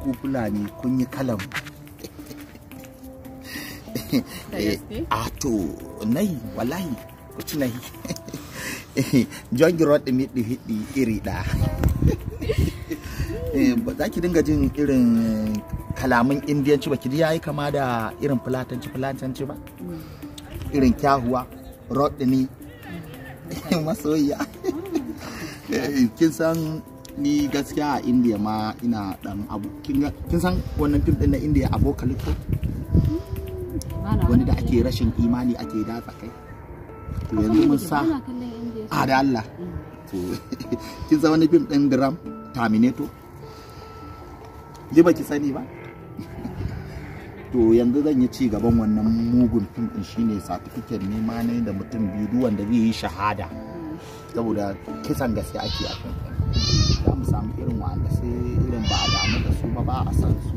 ku fulani kun yi kalan eh, a ah, to nai wallahi ku ci nai jogi rod ɗumi hiɗi iri ɗa eh, za ki dinga jin irin kalamin indiyanci ba ki ya yi kama da irin fulatanci fulatanci ba irin kyahuwa rod ɗumi mm. masoyiya mm. eh, kin san ni gaskiya a indiya ma ina dan abu kin san wannan fim din na indiya abokalipto wani da ake rashin imani ake dafa kai to yanzu mun sa a ah, da Allah to kin san wani fim din dram terminator ba ki sani ba to yanzu zan yi ci gaban wannan mugun fim din shine certificate ne ma ne da mutum biyu wanda zai yi shahada saboda kisan gaske ake a kan samu irin wanda sai irin ba a damu da su ba ba a san su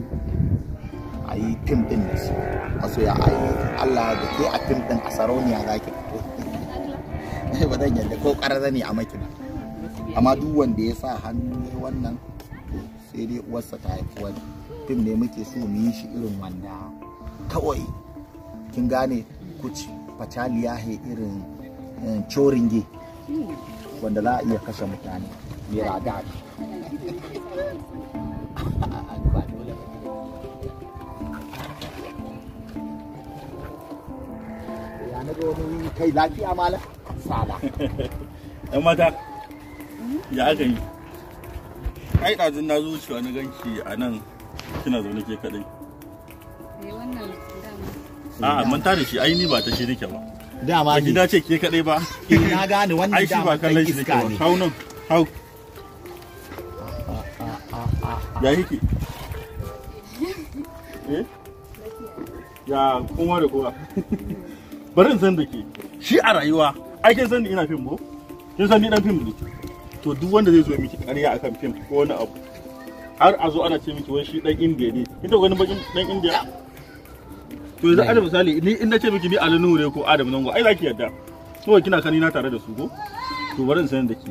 a yi fim ɗin da su wasu ya ayi Allah da ke a fim ɗin a sarauniya za ki fito eh, ba zan yadda ko ƙarar ne a maki amma duk wanda ya sa hannu ne wannan sai dai uwarsa ta haifi wani fim ne muke so mu yi shi irin wanda kawai kin gane kuci fataliya he irin eh, coringe wanda za a iya kashe mutane mera daɗi ya na wani kai lafiya mala sala yan mata ya yi ai ɗazin na zuciya na ganki a nan kina zaune ke kaɗai eh, a'a mun tada shi ai ba ta shi nake ba dama ni gida ce ke kaɗai ba eh, na gane wannan dama kai iska ne hau ya eh ya kuma da kowa bari san da ke shi a rayuwa ai kin san ni ina fim ko kin san ni dan fim ne to duk wanda zai zo miki ƙarya akan fim ko wani abu har a zo ana ce miki wai shi dan indiya ne kin taɓa ganin bakin dan indiya to yanzu adam misali ni in ce miki ni Ali ne ko Adam Zango ai zaki yarda to kina kanina tare da su ko to bari san da ke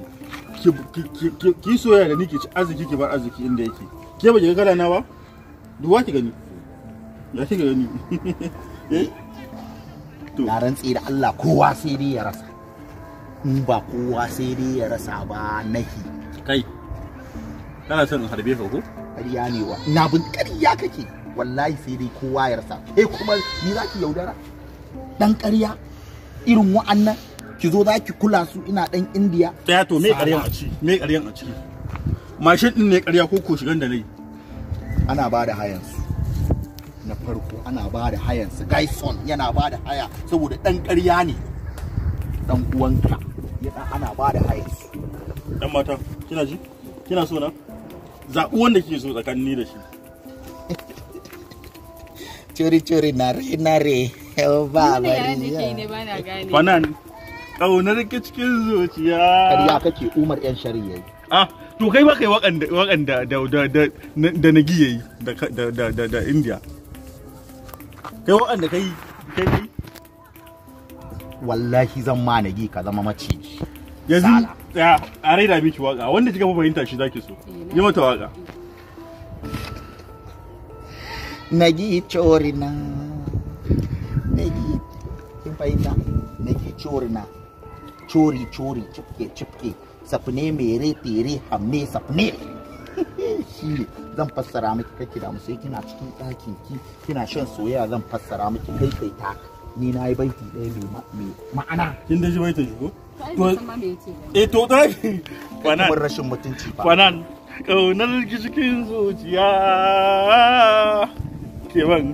ki soyayya da ni ki ci arziki ki bar arziki inda yake ke ba ki gala na ba duwa ki gani ya ki gani eh na rantsi da Allah kowa sai dai ya rasa in ba kowa sai dai ya rasa ba nahi kai kana son in harbe ka ko ƙarya ne wa na bin ƙarya kake wallahi sai dai kowa ya rasa eh kuma ni zaki yaudara dan ƙarya irin wa'annan ki zo za ki kula su ina dan indiya tsaya to me ƙaryan a ciki me ƙaryan a ciki mashin din ne ƙarya ko ko shigan da nayi ana ba da hayan su na farko ana ba da hayan su gaison yana ba da haya saboda dan ƙarya ne dan uwanka ya ana ba da hayan su dan mata kina ji kina so na zaɓi wanda kike so tsakanin ni da shi cori-cori nare nare ba ba ne ba Ƙaunar ke cikin zuciya. Ƙarya kake Umar yan shari'a. Ah, to kai ba kai waƙan da da da da da Nagi yayi da da da da India. Kai waƙan kai kai Wallahi zan ma Nagi ka zama mace Yanzu tsaya a raida miki waƙa wanda kika fahimta shi zaki so. Eh, yi mata waƙa. Nagi chorina. Nagi kin fahimta? Nagi chorina. चोरी चोरी cifke cifke safne mere tere hamne safne shi zan fassara miki kake da musai kina cikin ɗakin ki kina shan soyayya zan fassara miki kai kai ta ni na yi baiti ɗaya mai ma'ana kin da shi baita shi ko to eh to dai kwanan kuma rashin mutunci ba kwanan kaunar cikin zuciya ke ban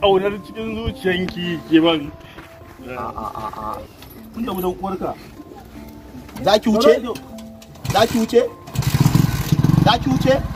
kaunar cikin zuciyanki ke ban a'a a'a Da gudan uwarka za ki wuce